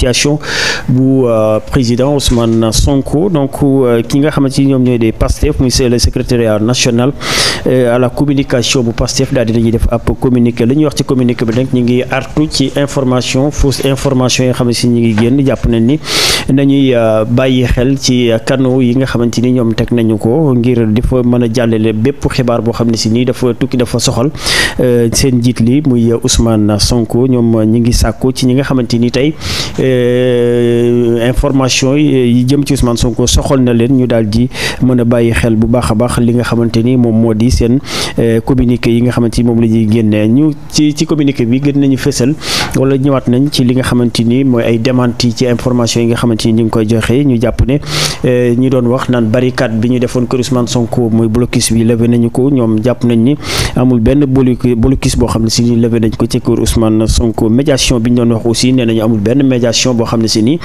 situation bu euh, président Ousmane Sonko donc euh, ki nga xamante ni ñoom ñooy des Pastef monsieur le secrétariat national euh, à la communication bu Pastef daal dinañuy def ab communiqué li ñuy wax ci communiqué bi nag ñu ngi artu ci information fausse information yi nga xamante ni ñu ngi génn jàpp nañ ni nañuy bàyyi xel ci canaux yi nga xamante ni ñoom teg nañu ko ngir dafa mën a jàllale bépp xibaar boo xam ne si nii dafa tukki dafa soxal seen njiit li muy Ousmane Sonko ñoom ñi ngi sàkku ci ñi nga xamante ni tey Euh, information euh, yi jëm ci Ousmane Sonko soxal na leen ñu daal di mën a bàyyi xel bu baax a li nga xamante ni moom moo di seen euh, communiqué yi nga xamante ni moom la ñuy génnee ñu ci ci communiqué bi gën nañu fësal wala ñëwaat nañ ci li nga xamante ni mooy ay démenti ci information yi nga xamante ni ñu ngi koy joxe ñu jàpp ne doon wax naan barricade bi ñu defoon kër Ousmane Sonko mooy blocus bi levé nañu ko ñoom jàpp nañ ni amul benn blocus boo xam ne si levé médiation bi ñu doon wax aussi nee nañu amul benn médiation mobilisation boo xam ne si nii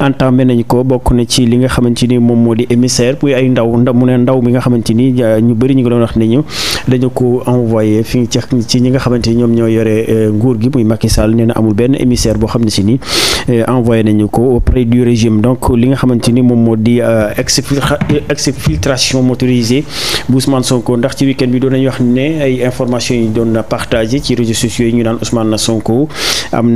entamé nañ ko bokk na ci li nga xamante ni moom moo di émissaire buy ay ndaw ndaw mu ne ndaw mi nga xamante ni ñu bëri ñu ngi doon wax ne ñu dañu ko envoyé fi nga xamante ñoom ñoo yore euh, nguur gi muy Macky Sall nee na amul benn émissaire boo xam ne si nii euh, envoyé nañu ko auprès du régime donc li nga xamante moom moo di euh, exfiltration motorisée bu Ousmane Sonko ndax ci week bi doon nañu wax ne ay information yi doon partagé ci réseaux sociaux ñu naan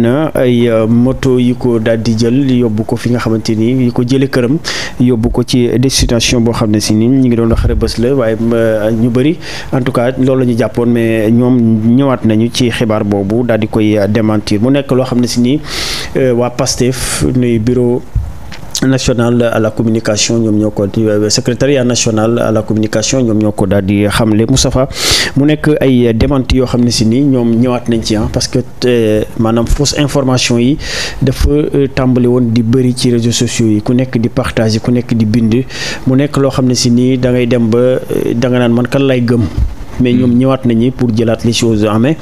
na ay moto yu ko daal di jël yóbbu ko fi nga xamante ni yi ko jëlee këram yóbbu ko ci destination boo xam ne si ni ñu ngi doon wax Rebeuss la waaye euh, ñu bari en tout cas loolu la ñu jàppoon mais ñoom ñëwaat nañu ci xibaar boobu daal di koy démentir mu nekk loo xam ne si ni euh, waa PASTEF nuy bureau. national à la communication ñoom ñoo ko euh, secrétariat national à la communication ñoom ñoo ko daal di xamle Moustapha mu nekk ay démenti yoo xam ne si nii ñoom ñëwaat nañ ci ah parce que euh, maanaam fausse information yi dafa euh, tàmbali woon di bëri ci réseaux sociaux yi ku nekk di partager ku nekk di bind mu nekk loo xam ne si nii dangay dem ba da nga naan man kan lay gëm mais ñoom ñëwaat nañu pour jëlaat les choses en main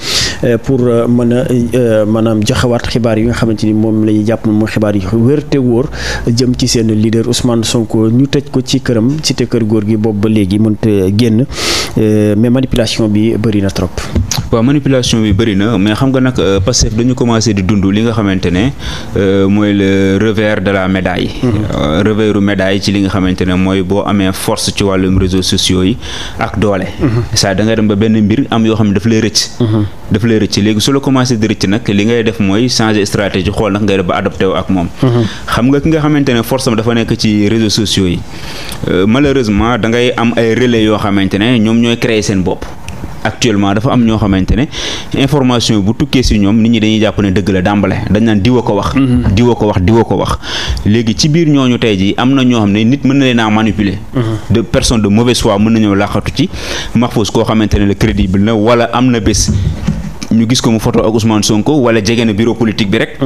Euh, pour euh, mën a euh, maanaam joxewaat xibaar yi nga xamante ni moom la ñuy jàpp moom xibaar yi wér te wóor jëm ci seen leader Ousmane Sonko ñu tëj ko ci këram ci te kër góor gi boobu ba léegi mënut a génn mais manipulation bi bëri na trop. waaw manipulation bi bëri na mais xam nga nag euh, Pastef dañu commencé di dund li nga xamante ne euh, mooy le de la médaille. Euh, reversu médaille ci li nga xamante ne mooy boo amee force ci wàllum réseaux sociaux yi ak doole. saa da nga dem ba benn mbir am yoo xam ne daf lay rëcc. daf lay rëcc léegi su commencé di nag li ngay def mooy changer stratégie xool nag ngay def ba adopté wu ak moom. xam nga ki nga xamante ne force dafa nekk ci réseaux sociaux yi malheureusement da ngay am ay relais yoo xamante ne ñoom ñooy créer seen bopp. actuellement dafa am ñoo xamante ne information bu tukkee si ñoom nit ñi dañuy jàpp ne dëgg la dàmbale dañ naan diwa ko wax. Mm-hmm. diwa ko wax diwa ko wax léegi ci biir ñooñu tey jii am na ñoo xam ne nit mën na leen a manipuler. Mm-hmm. de personne de mauvaise foi mën na ñëw làqatu ci Mahfouz koo xamante ne le crédible na wala am na bés. ñu gis ko mu foto ak Ousmane Sonko wala jege na bureau politique bi rek.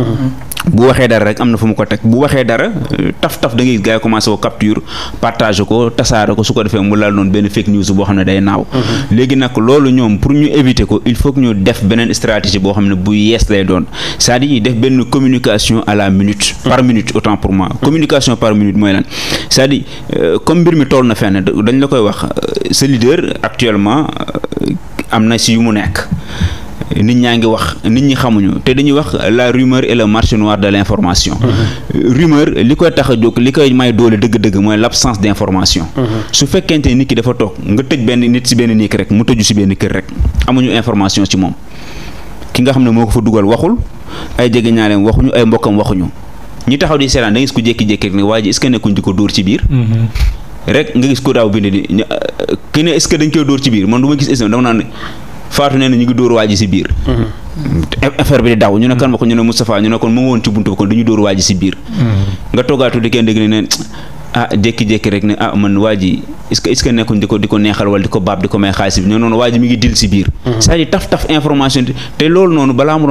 bu waxee dara rek am na fu mu ko teg bu waxee dara euh, taf taf da ngay gars yi commencé ko capture partage ko tasaare ko su ko defee mu laal noonu benn fake news boo xam ne day naaw. Mhm. léegi nag loolu ñoom pour ñu éviter ko il faut que ñu def beneen stratégie boo xam ne bu yees lay doon cest à def benn communication à la minute. par minute autant pour moi. communication par minute mooy lan cest euh, comme mbir mi toll na fenn dañ la koy wax euh, sa actuellement am na si yu mu nekk. nit ñaa ngi wax nit ñi xamuñu te dañuy wax la rumeur et le marché noir de l' mmh. rumeur li koy tax a jóg li koy may doole dëgg-dëgg mooy l' absence d' information. Mmh. su fekkente ni nit ki dafa toog nga tëj benn nit si benn néeg rek mu tëju si benn kër rek amuñu information ci moom ki nga xam ne moo ko fa dugal waxul ay jege ñaaleem waxuñu ay mbokkam waxuñu ñi taxaw di seetaan da gis ku jékki-jékki rek ne waa ji est ce di ko dóor ci biir. Mmh. faatu nee na ñu ngi dóor waaji si biir mm-hmm. affaire bi di daw ñu ne kan ma ko ñu ne Moustapha ñu ne kon mu ci buntu ba kon dañu dóor waaji si biir mm-hmm. nga toogaatu di kenn dégg ne ah jékki-jékki rek ne ah man waa ji est-ce nekkuñ di ko di ko neexal wala di ko baab di ko may xaalis bi ne noonu waa ji mi ngi dil si biir mhm.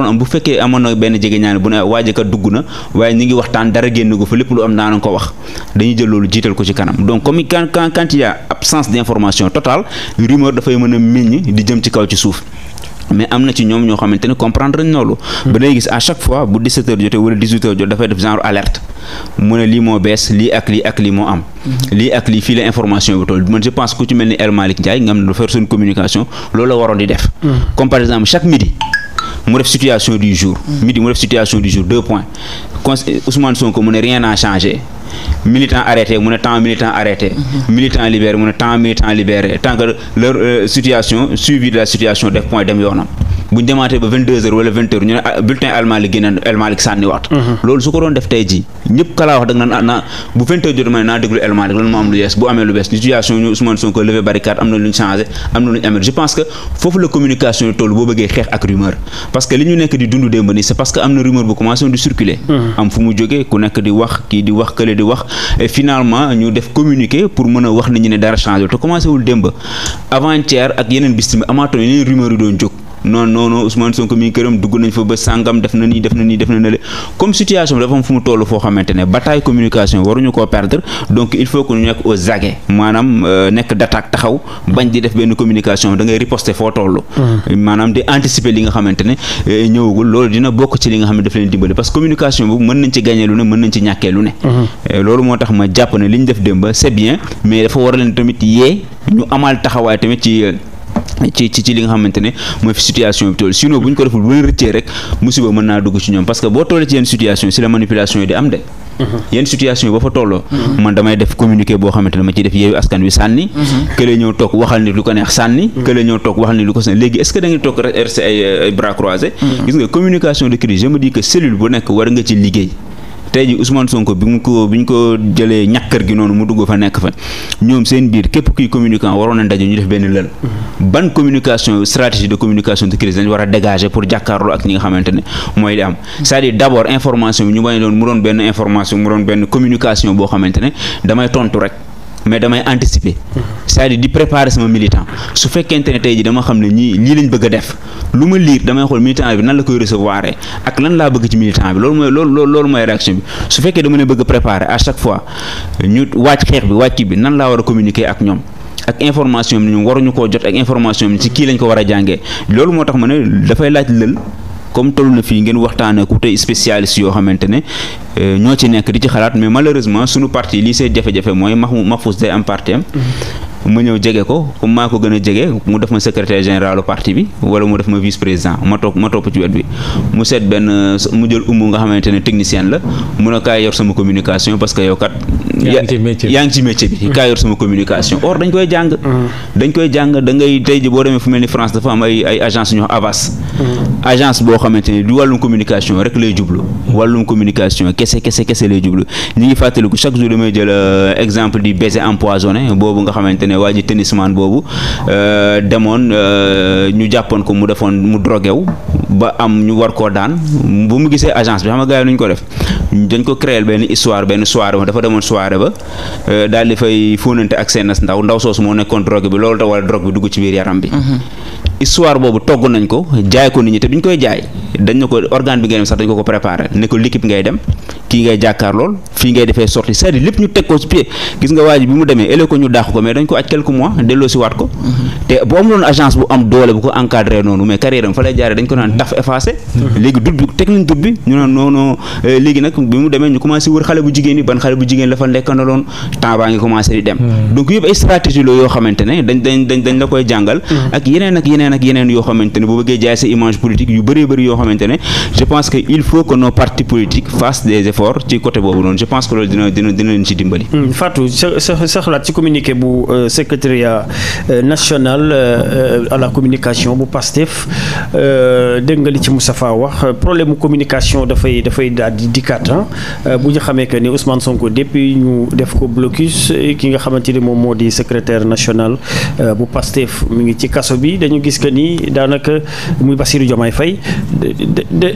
am bu fekkee amoon na benn jege ñaane bu ne ah, waa ji dugg na waaye ñi ngi waxtaan dara génn ko fa lépp lu am daana ko wax dañuy jël loolu jiital ko ci kanam donc comme quand quand il y a absence d'information totale rumeur dafay mën a meññ di jëm ci kaw ci suuf mais am na ci ñoom ñoo xamante ne comprendre nañ loolu. ba day gis à chaque fois bu 17h jotee wala 18h jot dafay def genre alerte mu ne lii moo bees lii ak lii ak lii moo am. Mhm. lii ak lii fii la information bi toll man je pense ku ci mel ni El Malick Ndiaye nga xam ne faire seen communication loolu la waroon di def. Mhm. comme par exemple chaque midi. mu def situation du jour. Mhm. midi mu def situation du jour deux points Ousmane Sonko mu ne militant arrêté mu ne tant militant arrêté mhm. militant libéré mu ne tant militant libéré tant que leur euh, situation suivi de la situation def point dem yoonam buñ demaatee ba vingt deux heures ñu ne ah, bulletin almaali génne sànni waat mhm. loolu su ko doon def tey ji ñëpp kalaa wax da nga naan ah, bu vingt jot ma ne naa déglu almaali lan moo am lu yees bu amee lu bees situation ñu Ousmane Sonko levé barricade am na lu ñu am na lu amee je pense que foofu la communication yi toll boo bëggee xeex ak rumeur parce que li ñu nekk di dund démb nii c'est parce que am na rumeur bu commencé di circuler mhm. am fu noonu non non Ousmane Sonko mi ngi këram dugg nañ fa ba sàngam def na nii def na nii def na nële comme situation bi dafa am toll foo xamante ne bataille communication waruñu koo perdre donc il faut que ñu nekk aux aguets maanaam euh, di def benn communication da ngay riposter foo toll. Mm-hmm. maanaam di anticiper li nga xamante ne euh, ñëwagul loolu dina bokk ci li nga xam ne daf leen dimbali parce que communication boobu mën nañ ci gagner lu ne mën nañ ci ñàkkee lu ne. Mm-hmm. Euh, loolu moo tax ma jàpp ne li ñu def démb c'est bien mais dafa war leen tamit yee ñu amal taxawaay tamit ci. ci ci ci li nga xamante ne mooy fi situation bi toll sinon bu ñu ko deful bu leen rëccee rek musiba mën naa dugg ci ñoom parce boo tollee ci yenn situation si la manipulation yi di am de mhm. yenn situation ba fa tolloo mhm. man damay def communiqué boo xamante ne ma ciy def yeewu askan wi sànni kële mhm. ñëw toog waxal ni lu ko neex sànni kële ñëw toog waxal ni lu ko sànni léegi est-ce toog rester ay bras croisés gis nga communication de crise je me tey ji Ousmane Sonko bi mu ko bi ñu ko jëlee ñàkkar gi noonu mu dugg fa nekk fa ñoom seen biir képp kuy communicant waroon na daje ñu def benn lël ban communication stratégie de communication de crise dañ war a dégager pour jàkkaarloo ak ñi nga xamante ne mooy li am c'est-à-dire information bi ñu bañ doon mu doon benn information mu doon benn communication boo xamante ne damay tontu rek mais damay anticiper c'est-à-dire di préparer sama militant su fekkente ne tey ji dama xam ne ñii lii lañ bëgg def lu ma liir damay xool militant bi nan la koy recevoir ak lan laa bëgg ci militant bi loolu mooy loolu loolu mooy réaction bi su fekkee dama ne bëgg préparer à chaque fois ñu wàcc xeex bi wàcc bi nan laa war a communiquer ak ñoom. ak information bi ñu waruñu koo jot ak information bi ci kii lañ ko war a jàngee loolu moo tax ma ne dafay laaj lël comme toll na fii ngeen waxtaanee ku tey spécialiste yoo xamante ne euh, ñoo ci nekk di ci xalaat mais malheureusement suñu parti lii seen jafe-jafe mooy Mahfouz day am parti am mm-hmm. ma ñëw jege ko comme maa ko gën a jege mu def ma secrétaire général parti bi wala mu def ma vice président ma toog ma topp ci wet bi mu seet benn mu jël umu nga xamante ne technicien la mun a kaay yor sama communication parce que yow kat yaa ngi ci métier bi kaa yor sama communication or dañ koy jàng mm. dañ koy jàng da ngay tey boo demee fu mel ni France dafa am ay ay agence ñoo avas mm. agence boo xamante ne du wàllum communication rek lay jublu wàllum communication kese kese kese lay jublu ñi ngi fàttaliku chaque jour damay jël euh, exemple di baiser empoisonné boobu nga xamante ne waa ji tennisman boobu euh, demoon euh, ñu jàppoon ko mu defoon mu drogué wu ba am ñu war koo daan bu mu gisee agence bi xam nga gars ko def dañ ko créer benn benn soirée dafa demoon soirée ba euh, daal di fay fóonante ak seen ndaw ndaw soosu moo nekkoon drogue bi loolu te wala drogue bi dugg ci biir yaram bi. Mhm. histoire boobu togg nañ ko jaay ko nit ñi te bi koy jaay dañ ne ko organe bi ngay dem sax dañ ko ko préparé ne ko l'équipe ngay dem kii ngay jàkkaar lool fii ngay defee sortie cest à lépp ñu teg ko ci gis nga waa bi mu demee ëllëg ko ñu dàq ko mais dañ ko aj quelques mois delloo si waat ko mm-hmm. te bu amuloon agence bu am doole bu ko encadré noonu mais carrière am fa lay jaaree dañ ko naan taf effacé mm-hmm. léegi dut bi teg nañ dut bi ñu naan non euh, léegi nag bi mu demee ñu commencé wër xale bu jigéen yi ban xale bu jigéen la fa nekkandaloon temps baa ngi commencé di dem mm-hmm. donc yëpp ay stratégie fort ci côté boobu noonu je pense que loolu dina leen ci dimbali. Hmm, Fatou sa sa sa ci communiqué bu euh, secrétariat euh, national euh, à la communication bu PASTEF dégg nga li ci Moustapha wax problème mu communication dafay dafay daal di dikkaat bu ñu xamee que ni Ousmane Sonko depuis ñu def ko blocus ki nga xamante ni moom moo di secrétaire national bu PASTEF mu ngi ci kaso bi dañu gis que nii daanaka muy Bassirou Diomaye Faye de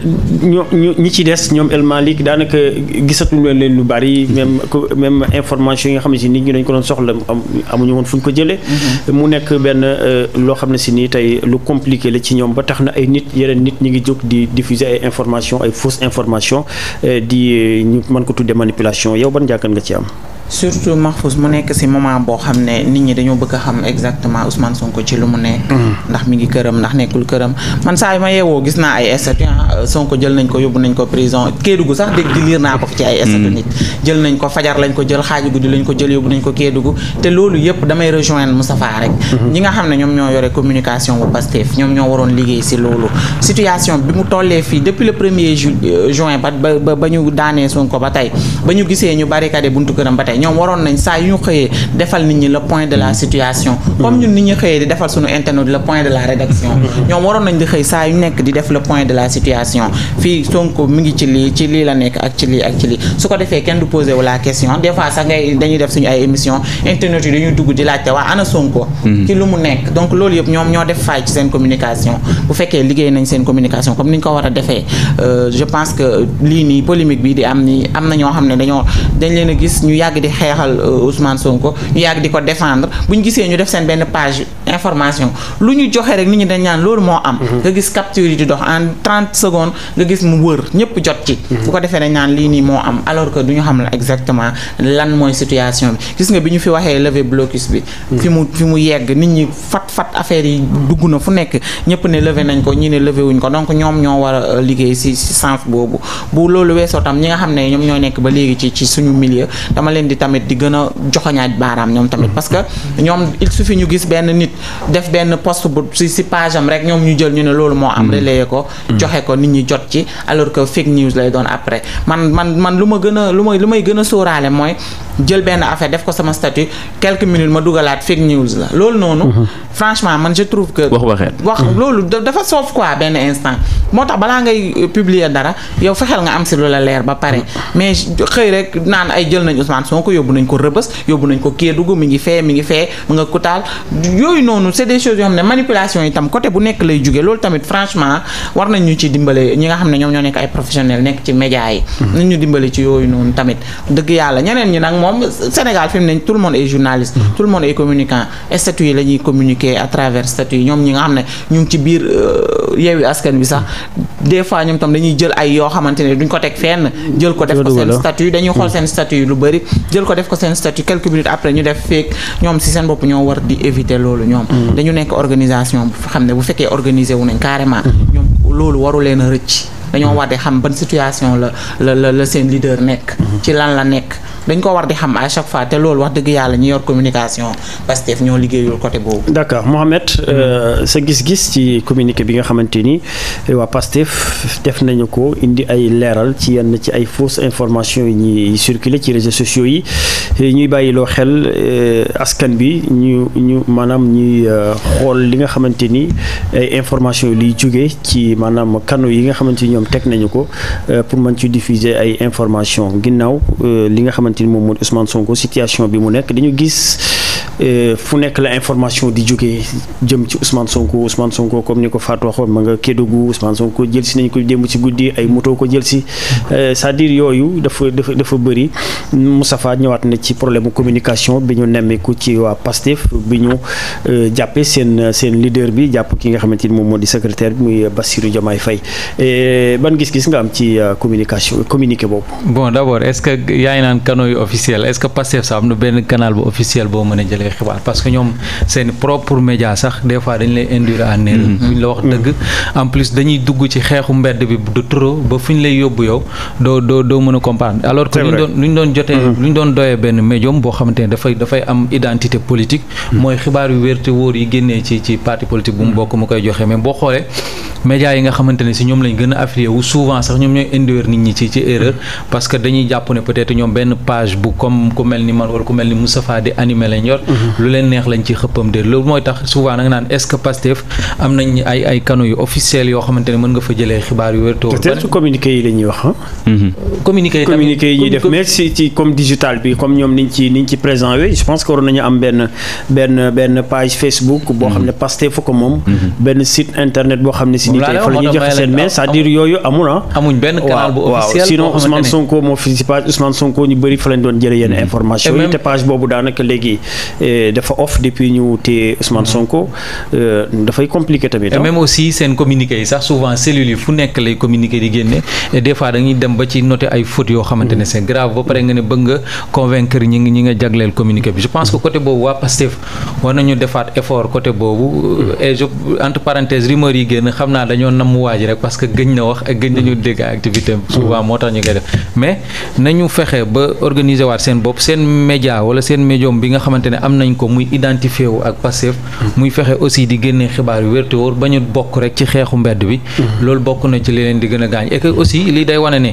ñi ci des ñoom El Malick daanaka. gisatuñu leen lu bari. Mm-hmm. même même information yi nga xam ne si nit ñi dañ ko doon soxla am amuñu woon fu ñu ko jëlee. Mm-hmm. mu nekk benn euh, loo xam ne si nii tey lu compliqué la ci ñoom ba tax na ay nit yeneen nit ñi ngi jóg di diffuser ay information ay fausse information euh, di euh, ñu mën ko tuddee manipulation yow ban jàkkan nga ci am. surtout Mahfouz mu nekk ci moment boo xam ne nit ñi dañoo bëgg a xam exactement Ousmane ko ci lu mu ne. Mm. ndax mi ngi këram ndax nekkul këram man saa yu ma yeewoo gis naa ay statut ah, Sonko jël nañ ko yóbbu nañ ko prison Kédougou sax dégg di naa ko fi ci ay statut mm. nit jël nañ ko fajar lañ ko jël xaaju guddi lañ ko jël yóbbu nañ ko Kédougou te loolu yëpp damay région rejoindre Moustapha rek mm-hmm. ñi nga xam ne ñoom ñoo yore communication bu Pastef ñoom ñoo waroon liggéey si loolu situation bi mu tollee fii depuis le premier euh, juin ba ba ñu daanee Sonko ba tey ba ñu gisee ñu barricade buntu këram ba tey ñoom waroon nañ saa yu ñu xëyee defal nit ñi le point de la mm-hmm. situation comme ñun nit ñi xëyee di defal suñu internet le la rédaction mm-hmm. ñoom waroon lii ci ko defee kenn du posé wu la question des fois dugg di laajte waa ana Sonko mm-hmm. ci lu mu nekk donc loolu yëpp ñoom ñoo def faay ci seen communication bu fekkee liggéey nañ seen communication comme ni ñu ko war a defee euh, je pense que lii nii polémique bi di am am na ñoo xam ne ne dañoo leen a gis ñu yàgg di xeexal euh, Ousmane Sonko ñu yàgg di ko défendre bu ñu gisee ñu def seen benn page information lu ñu joxe rek nit ñi dañ ñaan loolu moo am. Mm-hmm. nga gis capture yi dox en 30 secondes nga gis mu wër ñëpp jot ci. Mm-hmm. bu ko defee dañ naan lii nii moo am alors que du ñu xam la exactement lan mooy situation bi gis nga bi ñu fi waxee levee blocus bi. Mm-hmm. fi mu fi mu yegg nit ñi fat fat affaire yi dugg na fu nekk ñëpp ne lever nañ ko ñi ne lever wuñ ko donc ñoom ñoo war a euh, liggéey ci ci boobu bu loolu léegi ci ci suñu millier dama leen di tamit di gën a joxoñaat baaraam ñoom tamit parce que ñoom il suffit ñu gis benn nit def benn poste bu si si page rek ñoom ñu jël ñu ne loolu moo am mm. relayé ko joxe ko nit ñi jot ci alors que fake news lay doon après man man man lu ma gën a lu may lu may gën a sóoraale mooy jël benn affaire def ko sama statut quelques minutes ma dugalaat fake news la loolu noonu. Mhm. franchement man je trouve que. wax waxeet mhm. wax loolu dafa soof quoi benn instant moo tax balaa ngay euh, publier dara yow fexeel nga am si lu la leer ba pare mhm. mais xëy rek naan ay jël nañ Ousmane Sonko yóbbu nañ ko Rëbës yóbbu nañ ko Kédougou mi ngi fee mi ngi fee mu nga kutaal yooyu noonu c'est des choses yoo xam ne manipulation yi tam côté bu nekk lay jugee loolu tamit franchement war nañ ñu ci dimbale ñi nga xam ne ñoom ñoo nekk ay professionnels nekk ci média yi. nañ ñu dimbale noonu tamit moom Sénégal fi mu ne tout le monde est journaliste. Mm-hmm. tout le monde est communicant statut yi la ñuy communiquer à travers yi ñoom ñi nga xam ne ñu ngi ci biir euh, yeewi askan bi sax mm-hmm. des fois ñoom tam dañuy jël ay yoo xamante ne duñ ko teg fenn. jël ko def ko seen statut dañuy xool seen statut yi lu bëri jël ko def ko seen statut quelques minutes après ñu def feek ñoom si seen bopp ñoo war di éviter loolu ñoom. Mm-hmm. dañu nekk organisation bu xam ne bu fekkee organiser wu nañ carrément. ñoom loolu waru leen a rëcc. dañoo war di xam ban situation la la la seen leader nekk. ci lan la nekk. dañ ko war di xam à chaque fois te loolu wax dëgg yàlla ñu yor communication Pastef ñoo liggéeyul côté boobu. d' accord Mohamed mm. euh, sa gis-gis ci communiqué bi nga xamante ni euh, waa Pastef def nañu ko indi ay leeral ci yenn ci ay fausses information yi ñuy circuler ci réseaux sociaux yi ñuy bàyyiloo xel euh, askan bi ñu ñu maanaam ñuy xool li nga xamante ni ay informations liy jóge ci maanaam canaux yi nga xamante ni ñoom teg nañu ko pour mën ci diffuser ay informations ginnaaw li nga xamante xamante ni moom mooy Ousmane Sonko situation bi mu nekk dañu gis. Euh, fu nekk la information di jógee jëm ci Ousmane Sonko Ousmane Sonko comme ni ko Fatou waxoon ma nga Kédougou Ousmane Sonko jël si nañ ko démb ci guddi ay moto ko jël si euh, c'est-à-dire yooyu dafa dafa dafa bëri Moustapha ñëwaat na ci problème communication bi ñu nemmeeku ci waa Pastef bi ñu euh, jàppee seen seen leader bi jàpp ki nga xamante ni moom moo di secrétaire bi muy Bassirou Diomaye Faye ban gis-gis nga am ci communication communiqué boobu. bon d'abord est-ce que yaa naan canaux officiel est-ce que Pastef sax am na benn canal bu officiel boo mën a jële jàngee xibaar parce que ñoom seen propre média sax des fois lay induire à néer buñ la wax mm-hmm. dëgg en plus dañuy dugg ci xeexu mbedd bi de trop ba fu ñu lay yóbbu yow doo doo doo mën alors que luñ doon luñ jotee luñ mm-hmm. doon doyee benn médium boo xamante ne dafay dafay am identité politique mm-hmm. mooy xibaar yu wérte wóor yi génnee ci ci parti politique bu mu bokk mu boo xoolee médias yi nga xamante ne ñoom lañ gën a affilié wu souvent sax ñoom ñooy induire nit ñi ci ci parce que dañuy jàpp ne peut ñoom benn page bu comme ku mel ni man wala ku mel ni Moustapha di animé lu leen neex lañ ci xëppam de loolu mooy tax souvent nag naan est-ce que am nañ ay ay yu officiels yoo xamante ne mën nga fa jëlee xibaar yu wér. te communiqué yi la ñuy wax ah. communiqué yi tamit communiqué yi ñuy def mais si ci comme digital bi comme ñoom niñ ci niñ ci xam ne mhm. Pastef ko moom. Mhm. benn site internet boo xam ne si. voilà fa la joxe seen mais cest à yooyu amul amuñ benn canal bu officiel sinon Ousmane Sonko moo léegi dafa off depuis ñu téye Ousmane Sonko euh, dafay compliqué tamit. Ah. même aussi seen communiqué yi sax souvent cellules yi fu nekk lay communiqué di génne des fois dem ba ci noté ay fautes yoo xamante ne grave ba pare nga ne bëgg nga convaincre rumeur yi génn xam naa dañoo namm waaj rek parce que gëñ na wax ak gëñ nañu dégg activité souvent moo tax ñu koy def mais nañu fexe ba organiser seen bopp seen média wala seen médium bi nga xamante am am nañ ko muy identifié ak Pastef muy fexe aussi di génne xibaar yu wér ba ñu bokk rek ci xeexu mbedd bi mm-hmm. loolu bokk na ci li leen di gën a gaañ et aussi lii day wane ne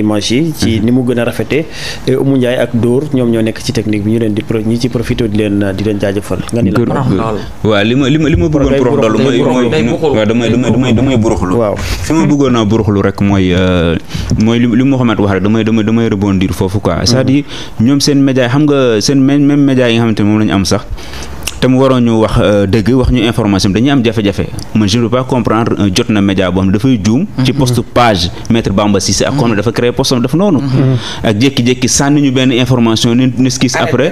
image yi ci mhm. ni mu gën a rafete Oumou Ndiaye ak Dóor ñoom ñoo nekk ci technique bi ñu leen di ñi ci profité di leen di leen jaajëfal nga ni la waaw li ma li ma li ma burux dalu fi ma bëggoon a buruxlu rek mooy euh, mooy li li Mouhamed wax rek damay damay damay rebondir foofu ko c'est-à-dire mhm. ñoom seen média yi xam nga seen même média nga xamante ne moom la am sax te mu waroon ñu wax euh, dëgg wax ñu information bi dañuy am jafe-jafe man je ne peux pas comprendre jot na média boo xam dafay juum. ci poste mhm. page maître Bamba Cissé ak comme dafa créé poste dafa noonu. Mhm. ak jékki-jékki sànni benn information ni ni skis après.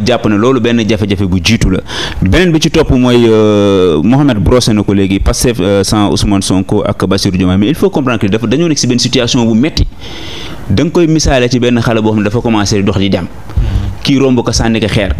ma jàpp na loolu benn jafe-jafe bu jiitu la beneen bi ci topp mooy euh, Mohamed brossé na ko léegi Pastef euh, sans Ousmane Sonko ak Bassirou Diomaye mais il faut comprendre que dafa dañoo nekk si benn situation bu metti danga koy misaale ci benn xale boo xam ne dafa commencé dox di dem kii romb ko sànni ko xeer